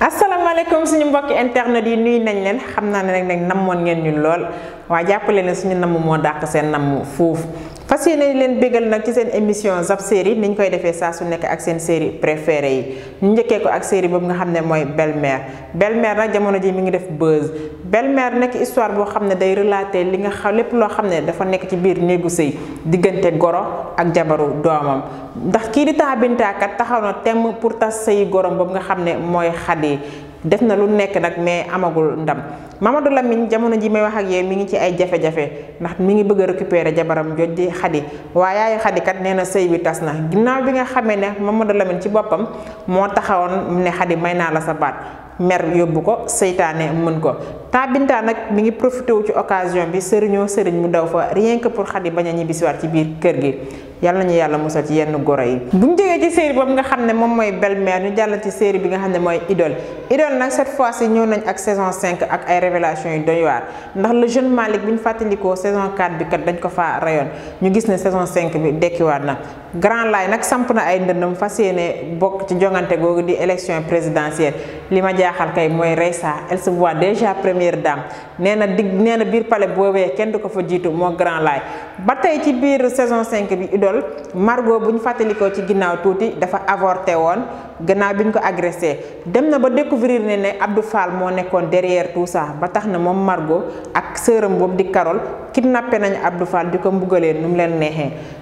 asalaamaaleykum suñu mbokki internet yi nuyu nañ leen xam naa ne nag nag namoon ngeen ñu lool waa jàppale leen suñu namm moo dàq seen namm foofu fas yéene leen bégal nag ci seen émission Zap série ni ñu koy defee saa su nekk ak seen série préférée yi ñu njëkkee ko ak série bu nga xam ne mooy belle-mère belle-mère nag jamono ji mi ngi def buzz belle-mère nekk histoire boo xam ne day relater li nga xam lépp loo xam ne dafa nekk ci biir néegu sëy diggante goro ak jabaru doomam ndax kii di taa bintaakat taxaw na temm pour tas sëyi gorom boobu nga xam ne mooy Xadi def na lu nekk nag mais amagul ndam Mamadou Lamine jamono ji may wax ak yéen mi ngi ci ay jafe-jafe ndax mi ngi bëgg a récupérer jabaram joj di xadi waaye yaayu xadikat nee na sëy bi tas na ginnaaw bi nga xamee ne Mamadou lamin ci boppam moo taxawoon ne xadi may naa la sa baat mer yóbbu ko seytaane mën ko taa binta nag mi ngi profité wu ci occasion bi sëriñoo sëriñ mu daw fa rien que pour Xadi bañ a ñibbisiwaat ci biir kër gi yàlla nañu yàlla musal ci yenn goro yi bu ñu jógee ci série boobu nga xam ne moom mooy belle-mère ñu jàll ci série bi nga xam ne mooy idole idole nag cette fois ci ñëw nañ ak saison cinq ak ay révélation yu doy waar ndax la jeune Malick bi ñu fàttalikoo saison 4 bi kat dañ ko faa rayoon ñu gis ne saison 5 bi dekkiwaat na Grand lay nak samp na ay ndëndum fasiyene bok ci jongante gogu di élection présidentielle Lima jaaxal kay moy Reysa elle se voit déjà première dame néna dig néna bir palais boobee kenn duko fa jitu mo Grand lay batay ci bir saison 5 bi idol Margot bu ñu ci ginnaw touti dafa avorté won gannaaw biñ ko agressé dem na ba découvrir né né Abdou Fall mo nekkoon derrière tout ça ba tax na moom Margot ak sœuram bob di Carole kidnappé nañ Abdou Fall di mbugalé num leen néxé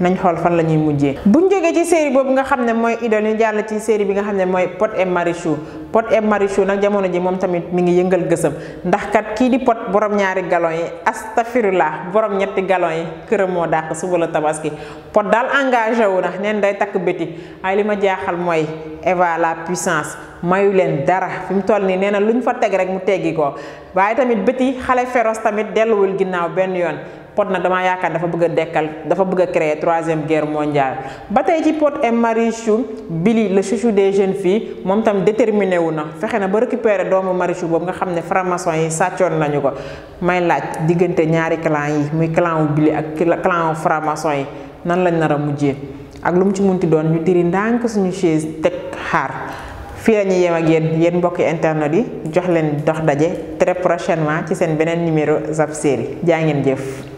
nañ xool fan la ñuy mujjee buñ jegee ci série boobu nga xam ne mooy idol ñu jàll ci série bi nga xam ne mooy pot et Marichou Pod et Marichou nag jamono ji moom tamit mu ngi yëngal gësëm ndax kat kii di Pod borom ñaari galon yi astafirullah boroom ñetti galon yi këram moo dàq suba la tabaski Pod daal engagé wu na neen day takk bëti ay li ma jaaxal mooy Eva la puissance mayu leen dara fi mu toll nii nee na lu ñu fa teg rek mu teggi ko waaye tamit bëti xale féroce tamit delluwul ginnaaw benn yoon pot na dama yakkar dafa bëgg dékkal dafa bëgg créer troisième guerre mondiale batay tey ci Pod et Chou Billy le chouchou des jeunes filles mom tam déterminé wu na fexé na ba récupérer doomu Marie Chou bob nga xamné ne franc-maçon yi satchon nañu ko may laaj digënté ñaari clan yi muy clan wu Billy ak clan wu franc-maçon yi nan lañ nara mujjé ak lu mu ci munti doon ñu diri ndank suñu chaise tek xaar fi lañu yema yem ak yéen yéen mbokki internet yi jox leen dox dajé très prochainement ci seen benen numéro Zap Série jaa ngeen jëf